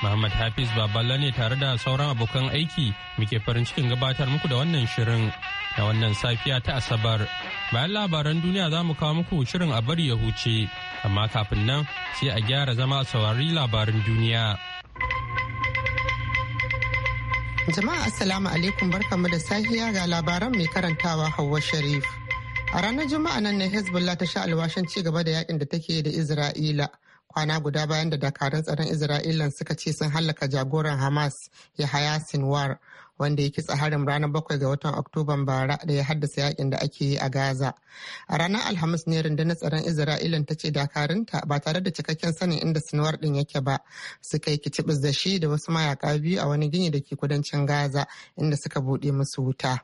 Muhammad Hafiz Baballa ne tare da sauran abokan aiki muke farin cikin gabatar muku da wannan shirin da wannan safiya ta Asabar. Bayan labaran duniya za mu kawo muku shirin a bari ya huce, amma kafin nan sai a gyara zama a saurari labaran duniya. Jama'a Assalamu alaikum barkamu da safiya ga labaran mai karantawa Hauwa Sharif. A ranar Juma'a nan ne Hezbollah ta sha alwashin ci gaba da yakin da take da Isra'ila. kwana guda bayan da dakarun tsaron isra'ila suka ce sun hallaka jagoran hamas ya haya sinwar wanda ya kitsa harin ranar bakwai ga watan oktoban bara da ya haddasa yakin da ake yi a gaza a ranar alhamis ne rundunar tsaron isra'ila ta ce dakarunta ba tare da cikakken sanin inda sinwar din yake ba suka yi kicibis da shi da wasu mayaka biyu a wani gini da ke kudancin gaza inda suka buɗe musu wuta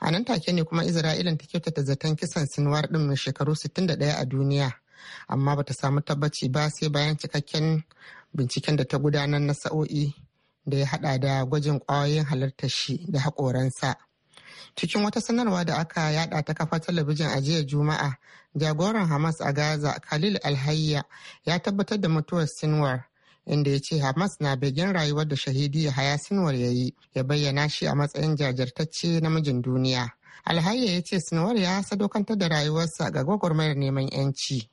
a nan take ne kuma Isra'ila ta kyautata zaton kisan sinuwar din mai shekaru ɗaya a duniya amma bata samu tabbaci ba sai bayan cikakken binciken da ta gudanar na sa'o'i da ya hada da gwajin kwayoyin halartar shi da haƙoransa. Cikin wata sanarwa da aka yada ta kafa talabijin a jiya Juma'a, jagoran Hamas a Gaza Khalil Alhayya ya tabbatar da mutuwar Sinwar. inda ya ce Hamas na begen rayuwar da shahidi haya Sinwar ya yi ya bayyana shi a matsayin jajirtacce namijin duniya. Alhayya ya ce Sinwar ya sadaukantar da rayuwarsa ga gwagwarmayar neman 'yanci.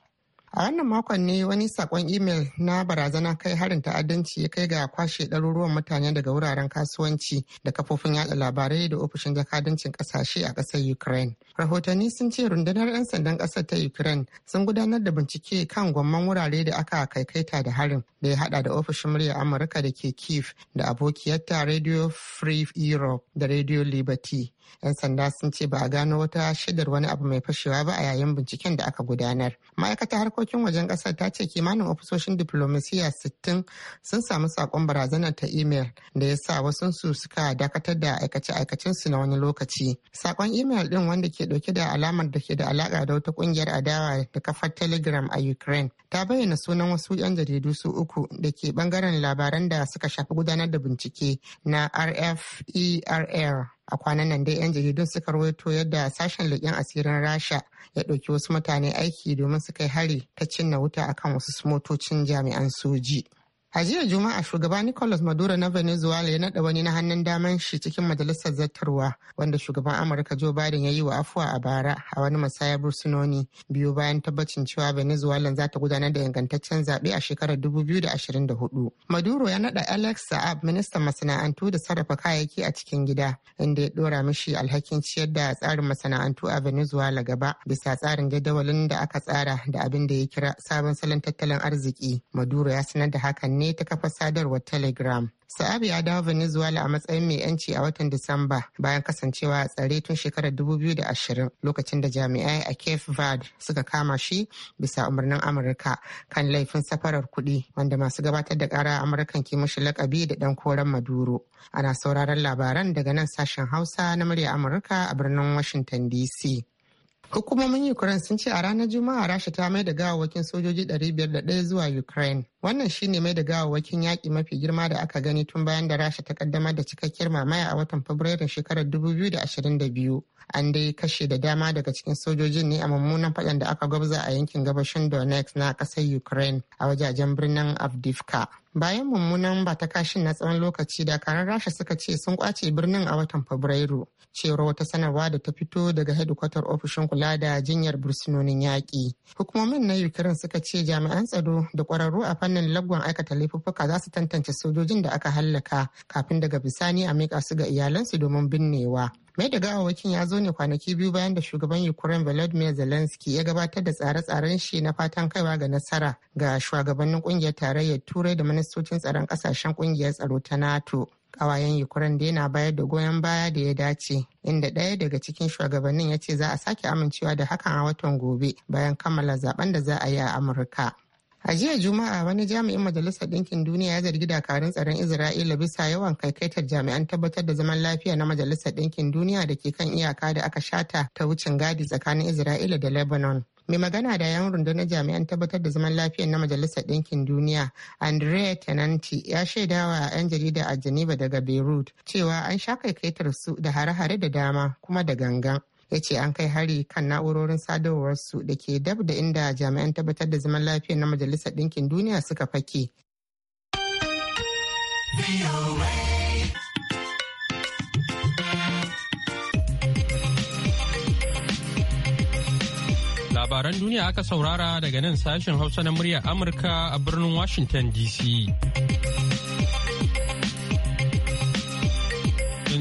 A wannan makon ne wani sakon imel na barazana kai harin ta'addanci ya kai ga kwashe ɗaruruwan mutane daga wuraren kasuwanci da kafofin yada labarai da ofishin jakadancin ƙasashe a ƙasar Ukraine. Rahotanni sun ce rundunar 'yan sandan ƙasar ta Ukraine sun gudanar da bincike kan gwamman wurare da aka kaikaita da harin da ya hada da ofishin murya Amurka da ke Kiev da abokiyarta Radio Free Europe da Radio Liberty. 'Yan sanda sun ce ba a gano wata shaidar wani abu mai fashewa ba a yayin binciken da aka gudanar. Ma'aikatar harkokin wajen ƙasar ta ce kimanin ofisoshin diplomasiya 60 sun samu sakon barazanar ta imel da ya sa wasu su suka dakatar da aikace-aikacensu na wani lokaci. Saƙon imel ɗin wanda ke ɗauke da alamar da ke da alaka da wata ƙungiyar adawa da kafar Telegram a Ukraine ta bayyana sunan wasu 'yan jaridu su uku da ke bangaren labaran da suka shafi gudanar da bincike na RFERL. a kwanan nan dai 'yan jaridun suka rawaito yadda sashen leƙen asirin rasha ya ɗauki wasu mutane aiki domin su kai hari ta cinna wuta akan wasu motocin jami'an soji A jiya Juma'a shugaba Nicolas Maduro na Venezuela ya naɗa wani na hannun daman shi cikin majalisar zattarwa wanda shugaban Amurka Joe Biden ya yi wa afuwa a bara a wani musayar bursunoni biyu bayan tabbacin cewa Venezuela za ta gudanar da ingantaccen zaɓe a shekarar 2024. Maduro ya naɗa Alex Saab ministan masana'antu da sarrafa kayayyaki a cikin gida inda ya ɗora mishi alhakin ciyar da tsarin masana'antu a Venezuela gaba bisa tsarin jadawalin da aka tsara da abin da ya kira sabon salon tattalin arziki. Maduro ya sanar da hakan ne ne ta kafa sadarwar telegram Sa'abi ya dawo Venezuela a matsayin mai yanci a watan Disamba bayan kasancewa a tsare tun shekarar 2020 lokacin da jami'ai a Cape Verde suka kama shi bisa umarnin Amurka kan laifin safarar kuɗi wanda masu gabatar da ƙara Amurkan ke mashi lakabi da ɗan koren Maduro. Ana sauraron labaran daga nan sashen Hausa na murya Amurka a birnin Washington DC. Hukumomin Ukraine sun ce a ranar Juma'a Rasha ta mai da gawawwakin sojoji 501 zuwa Ukraine wannan shi ne mai da gawawwakin yaƙi mafi girma da aka gani tun bayan da rasha ta kaddamar da cikakkiyar mamaya a watan fabrairun shekarar 2022 an dai kashe da dama daga cikin sojojin ne a mummunan faɗan da aka gwabza a yankin gabashin donetsk na ƙasar ukraine a wajajen birnin avdivka bayan mummunan ba ta kashin na tsawon lokaci dakaran rasha suka ce sun kwace birnin a watan fabrairu cewar wata sanarwa da ta fito daga hedikwatar ofishin kula da jinyar bursunonin yaƙi hukumomin na ukraine suka ce jami'an tsaro da ƙwararru a fannin wannan lagwan aikata laifuffuka za su tantance sojojin da aka hallaka kafin daga bisani a miƙa su ga iyalansu domin binnewa. mai da gawawakin ya zo ne kwanaki biyu bayan da shugaban ukraine volodymyr zelensky ya gabatar da tsare-tsaren shi na fatan kaiwa ga nasara ga shugabannin kungiyar tarayyar turai da ministocin tsaron kasashen kungiyar tsaro ta nato kawayen ukraine da yana bayar da goyon baya da ya dace inda ɗaya daga cikin shugabannin ya ce za a sake amincewa da hakan a watan gobe bayan kammala zaben da za a yi a amurka A jiya Juma'a wani jami'in Majalisar Ɗinkin Duniya ya zargi dakarun tsaron Isra'ila bisa yawan kaikaitar jami'an tabbatar da zaman lafiya na Majalisar Ɗinkin Duniya da ke kan iyaka da aka shata ta wucin gadi tsakanin Isra'ila da Lebanon. Mai magana da yawan rundunar jami'an tabbatar da zaman lafiya na Majalisar Ɗinkin Duniya, Andrea Tenanti ya shaidawa 'yan jarida a Geneva daga Beirut cewa an sha kaikaitar su da hare-hare da dama kuma da gangan. ya ce an kai hari kan na'urorin sadarwarsu da ke dab da inda jami'an tabbatar da zaman lafiya na majalisar ɗinkin duniya suka fake. Labaran duniya aka saurara daga nan sashen Hausa na muryar Amurka a birnin Washington DC.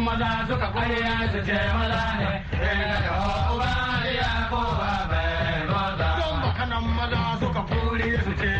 maza suka kwaya su ce maza ne rena eh, da uba ya ko ba bai maza. Don bakanan maza suka kuri su ce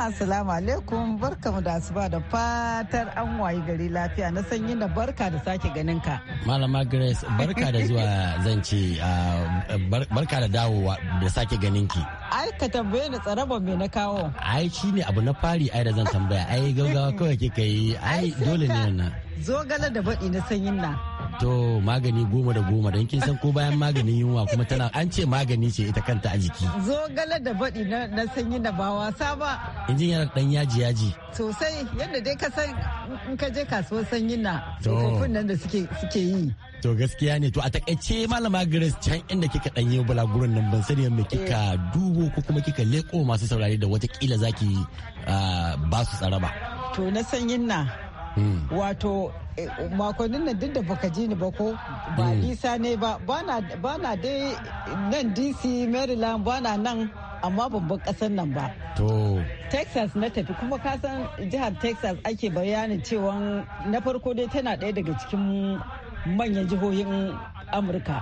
assalamu alaikum barkamu da asuba da fatar an wayi gari lafiya na sanyi da barka da sake ganin ka malama grace barka da zuwa zan barka da dawowa da sake ganin ki ai ka tambaye ni tsaraban me na kawo ai shine abu na fari ai da zan tambaya ai gaugawa kawai kika yi ai dole ne na zogale da baɗi na sanyin na to magani goma da goma don kin san ko bayan maganin yunwa kuma tana an ce magani ce ita kanta a jiki zogale da baɗi na sanyi da ba wasa ba injin yana dan yaji yaji sosai yadda dai ka san in ka je kasuwar sanyi na tsofaffin nan da suke yi To gaskiya ne to a takaice malama Grace can inda kika danyi bulaguran nan ban sani me kika eh. dubo ko kuma kika leko masu saurare da wata kila zaki ah, ba su tsara ba. To na sanyin na Mm. wato eh, makonin nan duk da baka ji ni ba ko ba mm. nisa ne ba na dai nan dc maryland ba na nan amma babban kasar nan ba texas na tafi kuma kasan jihar texas ake bayanin cewa na farko dai tana daya daga cikin manyan jihohin amurka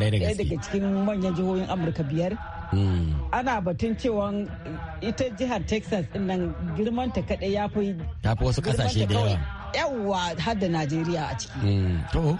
daya daga cikin manyan jihohin amurka biyar Mm. ana batun cewa ita jihar texas nan girman ta kadai ya fi wasu kasashe da yawa yawa har da najeriya a ciki mm.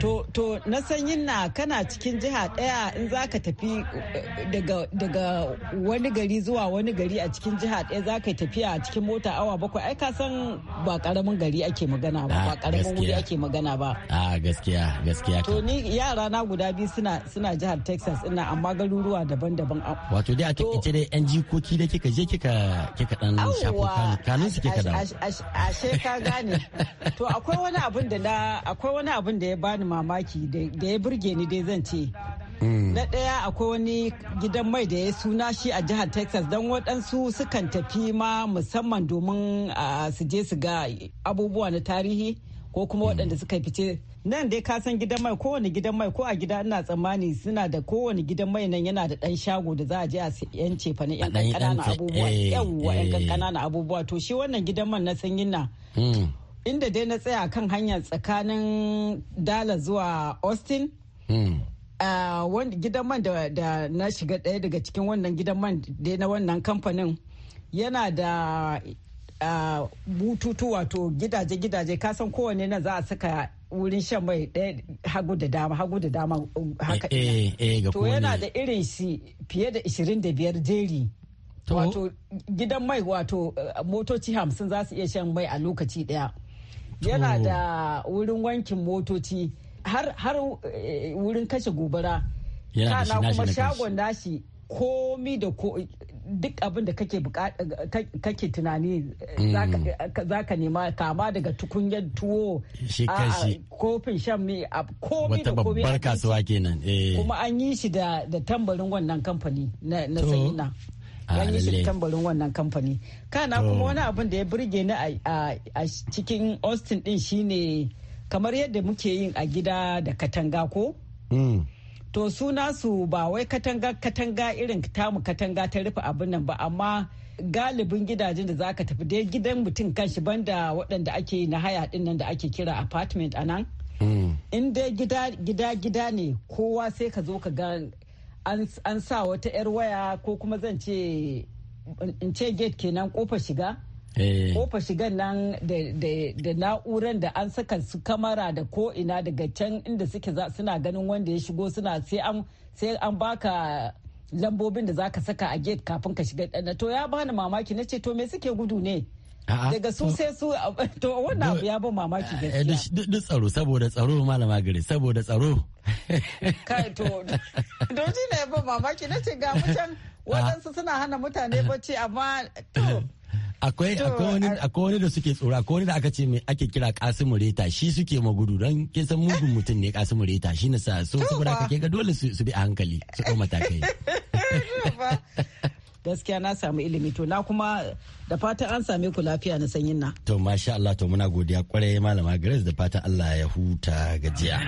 To, to na sanyin na kana cikin jiha ɗaya in za ka tafi eh, daga, daga wani gari zuwa wani gari a cikin jiha ɗaya za ka tafiya a cikin mota awa bakwai ai ka san ba ƙaramin gari ake magana ba ba ah, ƙaramin wuri ake magana ba. A ah, gaskiya gaskiya. To ni yara na guda biyu suna suna jihar Texas ina amma garuruwa daban-daban. Ah, Wato dai a ce dai yan jikoki da kika je kika kika dan shafo kanun su kika dawo. Ashe ka gane. To akwai wani abin da na akwai wani abin abin da ya bani mamaki da ya burge ni dai zan ce hmm. na ɗaya akwai wani gidan mai da ya suna shi a jihar texas don waɗansu sukan tafi ma musamman domin su je su ga abubuwa na tarihi ko kuma hmm. waɗanda suka fice nan dai ka san gidan mai kowane gidan mai ko a gida ina tsammani suna da kowane gidan mai nan yana da ɗan shago da za a je a yan cefa na yan kankana abubuwa eh, eh. abubuwa to shi wannan gidan man na sanyin na hmm. inda dai na tsaya kan hanyar tsakanin dala zuwa austin hmm. gidan man da na shiga ɗaya daga cikin wannan gidan man dai na wannan kamfanin yana da bututu wato gidaje-gidaje kasan kowane na za a saka wurin shan mai ɗaya hagu da dama hagu da dama um, haka eh, eh, eh, to yana da irin shi fiye da 25 jeri wato gidan mai wato motoci hamsin za su iya shan mai a lokaci ɗaya yana da wurin wankin motoci har eh, wurin kashe gobara kana kuma shagon nashi komi da ko duk abin da kake tunani eh, mm. eh, za ka nema kama daga tukunyar tuwo a kofin shan mai a komi da komi babbar kasuwa kenan kuma an yi shi da tambarin wannan kamfani na sayina Ah, yi shi tambarin wannan kamfani kana kuma wani abin da ya burge ni a cikin austin din shine kamar yadda muke yin a gida da katanga ko hmm. to suna su ba wai katanga katanga irin tamu katanga ta rufe abin nan ba amma galibin gidajen da zaka tafi dai gidan mutum kanshi banda waɗanda ake na haya din nan da ake kira apartment a nan hmm. in dai gida gida gida ne kowa sai ka zo ka ga an sa wata 'yar waya ko kuma zan ce in ce gate kenan kofa shiga eh. kofa shigan nan da na'uran da an saka su kamara da ko ina daga can inda suke suna ganin wanda ya shigo suna sai an baka lambobin da zaka saka a gate kafin ka shiga to ya bani mamaki na ce to me suke gudu ne daga su sai su to wannan abu ya ban mamaki eh, gaskiya duk tsaro saboda tsaro malama gari saboda tsaro kai to don shi ne ban mamaki na ce ga mutan wadansu suna hana mutane bacci amma to akwai wani da suke tsoro akwai wani da aka ce ake kira kasimu reta shi suke magudu don kin san mugun mutum ne kasimu reta shi na sa so saboda ke ga dole su bi a hankali su ɗau matakai gaskiya na samu ilimi to na kuma da fatan an same ku lafiya na sanyin na. To masha Allah to muna godiya kwarai malama Grace da fatan Allah ya huta gajiya.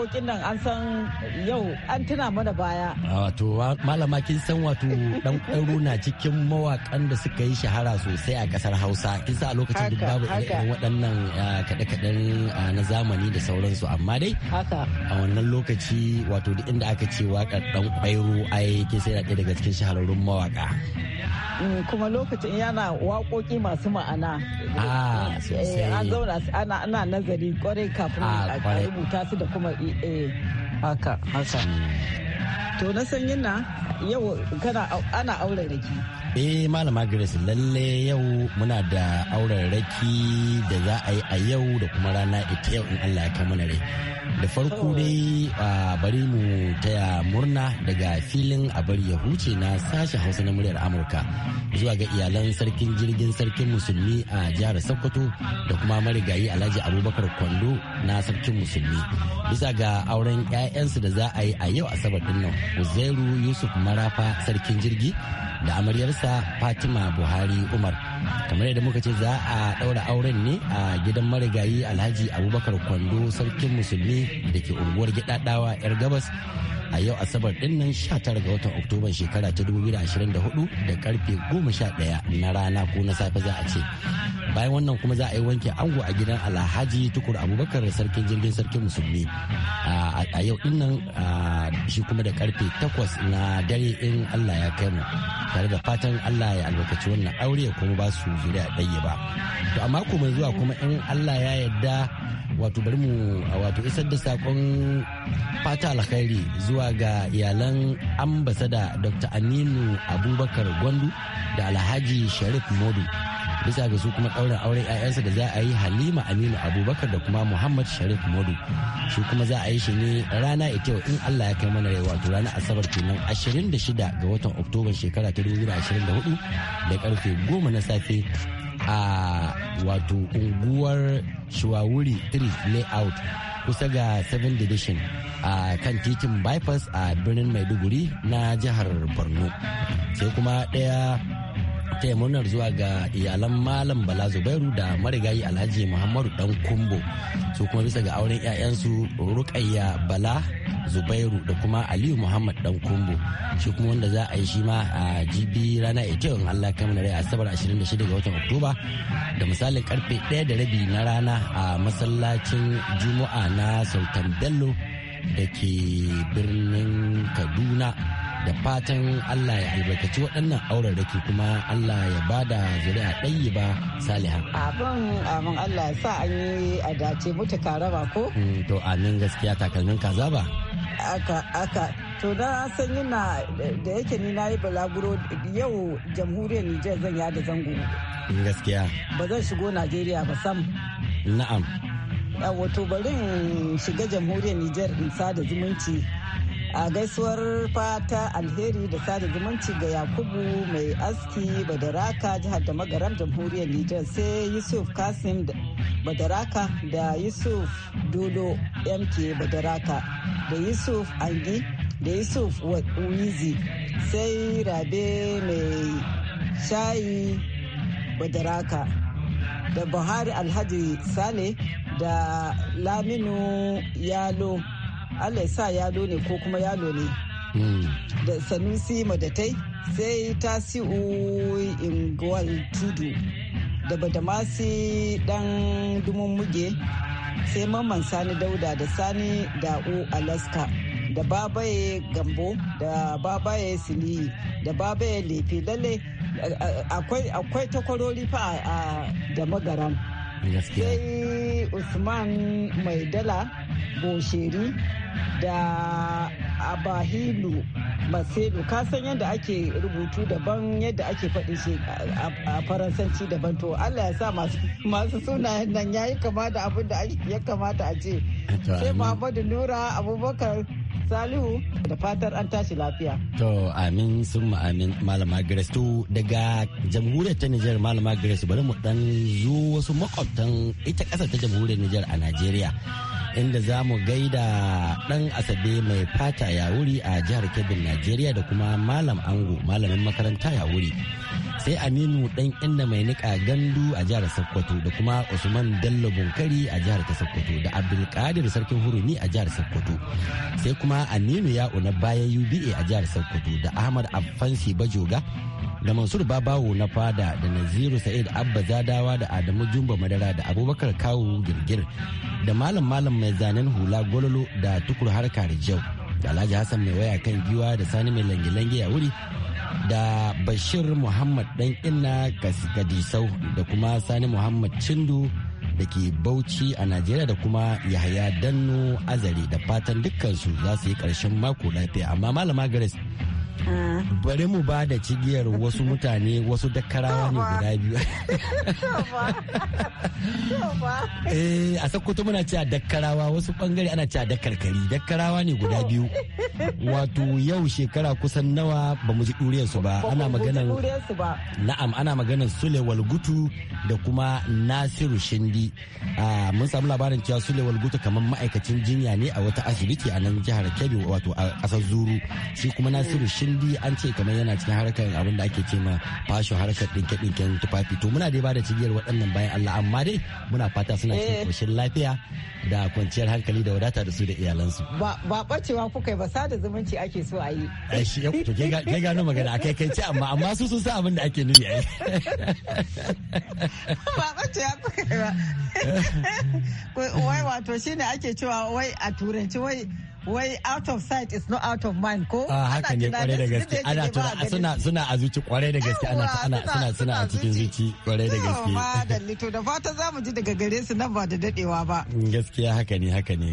waƙoƙin nan an san yau an tuna mana baya. Ah, wato malama kin san wato dan ƙwaro na cikin mawakan da suka yi shahara sosai a ƙasar Hausa. Kin san a lokacin duk babu irin waɗannan ah, kaɗe-kaɗen ah, na zamani da sauransu amma dai a wannan lokaci wato duk inda aka ce waƙar ɗan ƙwaro ai kin sai na ɗaya daga cikin shahararrun mawaƙa. Mm, kuma lokacin yana waƙoƙi masu ma'ana ah, eh, an zauna ana nazari kwarai kafin ah, a rubuta su da kuma eh, eh, haka haka hmm. to na san yana yau ana aure da eh malama grace lalle yau muna da auren raki da za a yi a yau da kuma rana ita yau in allah ya mana rai da farko oh. dai a bari mu taya murna daga filin a bari ya huce na sashi hausa na muryar amurka zuwa ga iyalan sarkin jirgin sarkin musulmi a jihar sokoto da kuma marigayi alhaji abubakar kwando na sarkin musulmi bisa ga auren 'ya'yansu da za a yi a yau asabar dinnan uzairu yusuf marafa sarkin jirgi da amaryarsa fatima buhari umar kamar yadda muka ce za a ɗaura auren ne a gidan marigayi alhaji abubakar kwando sarkin musulmi da ke unguwar gidaɗawa yar gabas a yau asabar din nan 19 ga watan oktoba shekara ta 2024 da karfe 11 na rana ko na safe za a ce bayan wannan kuma za a yi wanke ango a gidan alhaji tukur abubakar sarkin jirgin sarkin musulmi a yau nan shi kuma da karfe takwas na dare in allah ya kai mu tare da fatan allah ya albarkaci wannan aure ya kuma ba su zuriya ɗaya ba to a mako mai zuwa kuma in allah ya yarda wato bari mu wato isar da sakon fata alkhairi zuwa ga iyalan ambasada dr aminu abubakar gwandu da alhaji sharif modu bisa ga su kuma ɗaurin auren 'ya'yansa da za a yi halima aminu abubakar da kuma muhammad sharif modu shi kuma za a yi shi ne rana ita in allah ya kai mana rai wato ranar asabar kenan 26 ga watan oktoba shekara ta 2024 da karfe goma na safe a wato unguwar shawawuri 3 layout kusa ga 7 division a kan titin bypass a birnin maiduguri na jihar borno sai kuma ɗaya taya murnar zuwa ga iyalan malam bala zubairu da marigayi alhaji muhammadu dan kumbo su kuma bisa ga auren 'ya'yansu rukayya bala zubairu da kuma aliyu muhammad dan kumbo shi kuma wanda za a yi shi ma a jibi rana ita in allah kamar rai asabar 26 ga watan oktoba da misalin karfe 1 da rabi na rana a masallacin juma'a na sultan bello da ke birnin kaduna da fatan Allah ya albarkaci waɗannan auraraki kuma Allah ya ba da zuri'a ɗaya ba saliha. Abin abin Allah ya sa an yi a dace mutu karaba ko? Mm, to amin gaskiya takalmin kaza ba? Aka aka to na san yana da yake ni na yi balaguro yau jamhuriyar Nijar zan ya da zango. Mm, gaskiya. Ba zan shigo Najeriya ba sam. Na'am. Wato bari in shiga jamhuriyar Nijar in sa da zumunci. a gaisuwar fata alheri da sada zumunci ga yakubu mai aski badaraka jihar da magaram jamhuriyar nijar sai yusuf kasim badaraka da yusuf dodo mk badaraka da yusuf angi da yusuf wuizi sai rabe mai shayi badaraka da buhari alhaji sale da laminu yalo allah sa yalo ne ko kuma yalo ne hmm. da sanusi madatai sai ta siu ingwal tudu da badamasi dan dumin muge sai mamman sani dauda da sani da'u alaska da babaye gambo da babaye Sini da babaye lefe lalle akwai takwarori fa a da magaran sai usman mai dala bosheri da abahilu ka san yadda ake rubutu daban yadda ake faɗi shi a faransanci daban to allah ya sa masu suna nan ya yi kama da abin ya kamata a ce sai muhammadu nura abubakar Salihu da fatar an tashi lafiya. To amin sun amin malama Grace to daga jamhuriyar ta Nijar malama Grace bari mu dan zo wasu makwabtan ita ƙasar ta jamhuriyar Nijar a Najeriya. inda za mu gaida dan asabe mai fata ya wuri a jihar kebbin najeriya da kuma malam ango malamin makaranta ya wuri sai aminu dan inda mai nika gandu a jihar sokoto da kuma usman dallo bunkari a jihar ta sokoto da abdulkadir sarkin hurumi a jihar sokoto sai kuma aminu ya una bayan uba a jihar sokoto da ahmad afansi bajoga da mansur babawo na fada da naziru sa'id abba zadawa da adamu jumba madara da abubakar kawu girgir da malam malam mai zanen hula gololo da tukur harka da jau da alhaji hassan mai waya kan giwa da sani mai lange-lange a wuri da bashir muhammad dan inna kadisau da kuma sani muhammad cindu da ke bauchi a najeriya da kuma yahaya danno azare da fatan dukkansu za su yi karshen mako lafiya amma malama gares bari mu ba da cigiyar wasu mutane wasu dakarawa ne guda biyu eh, a sakkwato muna cewa dakarawa wasu bangare ana cewa dakarkari dakarawa ne guda biyu wato yau shekara kusan nawa ba mu ji ɗuriyarsu ba ana maganan na'am ana maganan sule walgutu da kuma nasiru shindi ah, mun samu labarin cewa sule walgutu kamar ma'aikacin jinya ne a wata asibiti a nan jihar kebbi wato a ƙasar zuru shi kuma nasiru mm. shindi dai an ce kamar yana cikin harkar abin da ake cewa ma fashin harkar dinke dinken tufafi to muna dai bada cigiyar waɗannan bayan Allah amma dai muna fata suna cikin koshin eh. lafiya da kwanciyar hankali da wadata da su da iyalansu ba bacewa kuka ba sada zumunci ake so a yi to ke gano magana akai kai ce amma amma su sun sa abin da ake nufi ai ba bacewa kuka ba wai wato shine ake cewa wai a turanci wai wai out of sight is not out of mind ko ah, a haka ne kwarai da gaske ana suna suna a zuci kwarai da gaske ana ana suna suna a cikin zuci kwarai da gaske madalli to da fata za mu ji daga gare su nan ba da dadewa ba gaskiya haka ne haka ne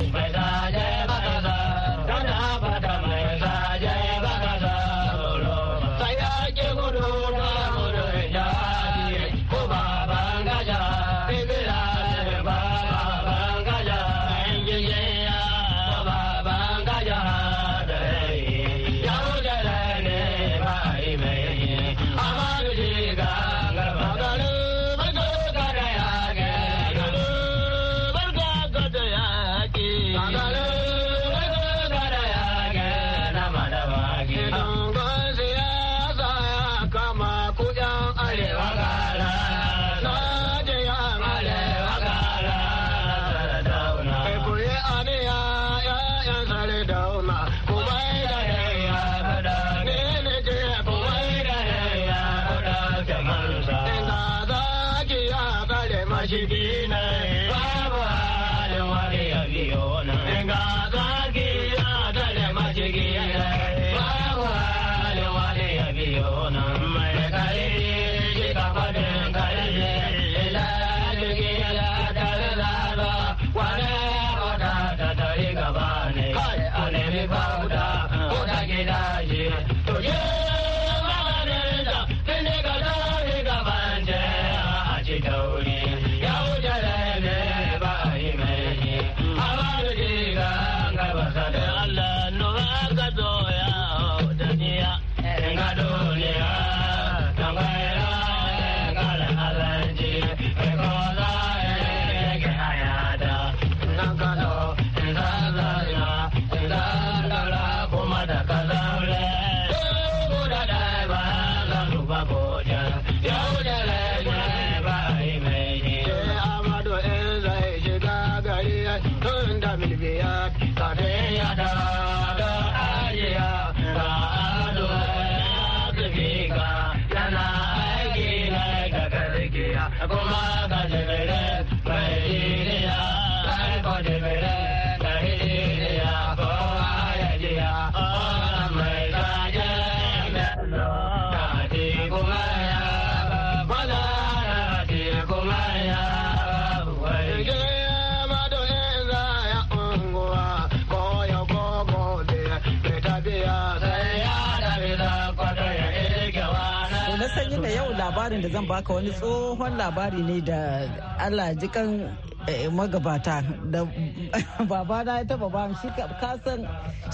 labarin da zan baka wani tsohon labari ne da Allah jikan eh, magabata da babana ya taba ba shi kasan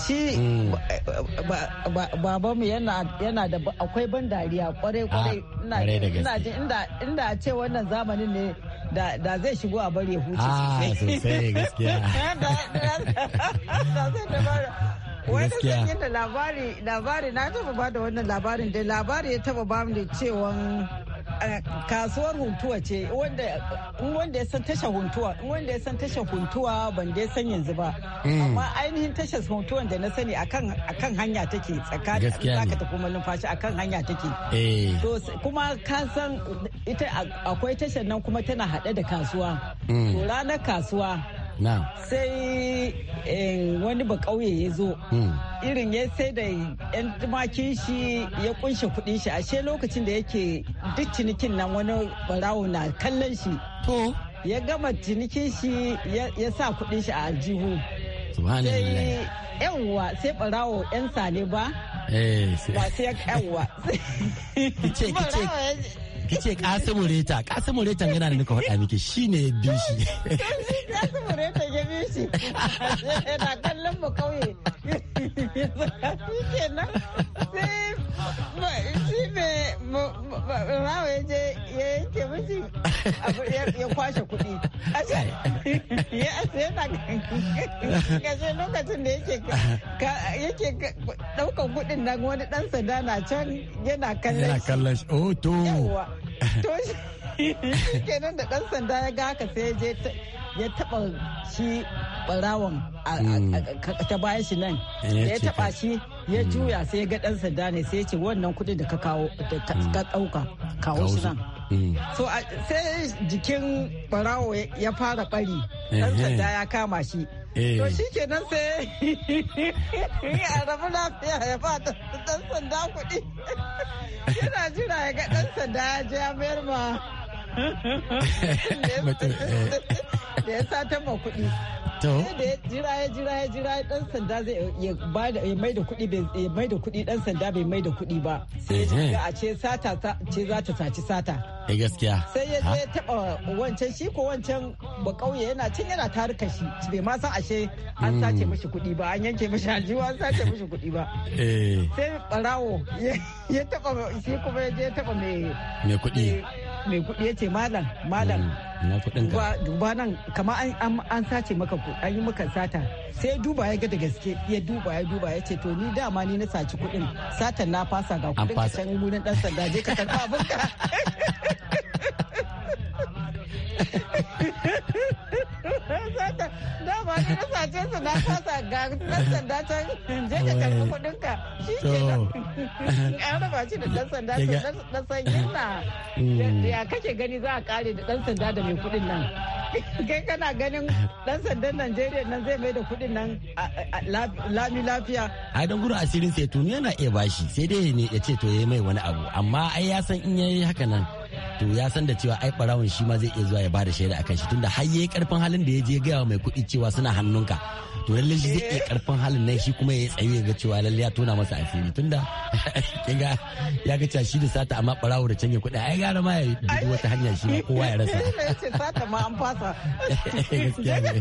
shi hmm. eh, babanmu yana da akwai ban dariya kwarai ah, kwarai ina jin inda a ce wannan zamanin ne da zai shigo a bare huce ah, sosai gaskiya wani zan yi labari labari na taba ba da wannan labarin da labari ya taba ba mu da cewa kasuwar huntuwa ce wanda ya san tashar huntuwa wanda ya san tashar huntuwa ban dai san yanzu ba hmm. amma ainihin tashar huntuwa da na sani akan hanya take tsakanin zaka tafi malumfashi akan hanya take eh. to kuma ka san ita akwai tashar nan kuma tana hade da kasuwa hmm. to ranar kasuwa sai eh, wani ba kauye ya zo hmm. irin ya sai da yan tumakin shi ya kunshe kudin shi ashe lokacin da yake duk cinikin nan wani barawo na kallon shi ya gama cinikin shi ya sa kudin shi a aljihu sai yawwa sai barawo yan sane ba eh, ba sai yawwa kice Kasimu reta yana da nuka faɗa miki shine bi shi mure ta gabe shi yana kallon mu kauye kenan sai shi me rawa ya je ya yanke mishi ya kwashe kuɗi ya yana kashe lokacin da yake ɗaukan kuɗin nan wani ɗan sanda na can yana kallon yana kallon shi oh to kenan da ɗan sanda ya ga haka sai ya je ya taba shi barawan hmm. ta baya shi nan ya taba shi ya hmm. juya sai ya ga dan sanda ne sai ya ce wannan kuɗi da ka kawo hmm. ka ɗauka kawo shi nan so sai jikin barawo ya fara bari dan sanda ya kama shi eh. To shi ke nan sai a rabu lafiya ya ba dan sanda kuɗi. Yana jira ya ga dan sanda ya je ya mayar ma. Eh. da ya sata ma kuɗi da ya jira ya jira ya jira dan sanda zai ya mai da kuɗi ya mai da kuɗi ɗan sanda bai mai da kuɗi ba sai ya eh. a ce sata ce za ta saci sata sai eh, gaskiya sai ya je taba wancan shi ko wancan ba kauye yana cin yana tarika shi bai ma san ashe an sace mishi mm. kuɗi ba an yanke mishi aljiwa an sace mishi kuɗi ba eh. sai barawo ya taɓa shi kuma ya je taba mai mai kuɗi mai kuɗi ya ce malam malam mm, duba nan kama an sace maka an yi maka sata sai duba ya ga da gaske ya duba ya duba ya ce to ni dama ni na saci kuɗin satan na fasa ga kuɗin ka can wurin ɗan sanda je ka karɓa abinka dama ni na sace su na kasa ga dan sanda ta je ka karbi kudin ka shi ke an raba shi da dan sanda to san sanyin na mm. ya kake gani za a kare da dan sanda da mai kudin nan kai kana ganin dan sandan Najeriya nan zai mai da kudin nan lami lafiya ai dan gurin asirin sai tuni yana iya bashi sai dai ne ya ce to yayi mai wani abu amma ai ya san in yayi haka nan to ya san da cewa ai barawon shi ma zai iya zuwa ya bada shaida akan shi tunda har yayi karfin halin da ya je gaya mai kuɗi cewa suna hannunka to lalle shi zai iya karfin halin nan shi kuma ya tsaye ga cewa lalle ya tona masa asiri tunda kin ga ya ga shi da sata amma barawo da canje kuɗi ai gara ma ya dubi wata hanya shi ma kowa ya rasa sata ma an fasa gaskiya ne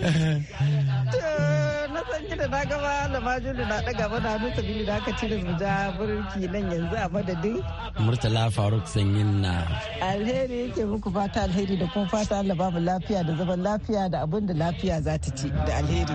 na san gida na gaba da na daga mana hannun sabili da aka cire mu ja burki nan yanzu a madadin murtala Murtala Faruk Sanyin na. Alheri yake muku fata alheri da kuma fata Allah ba lafiya da zaman lafiya da abin da lafiya za ta ci da alheri.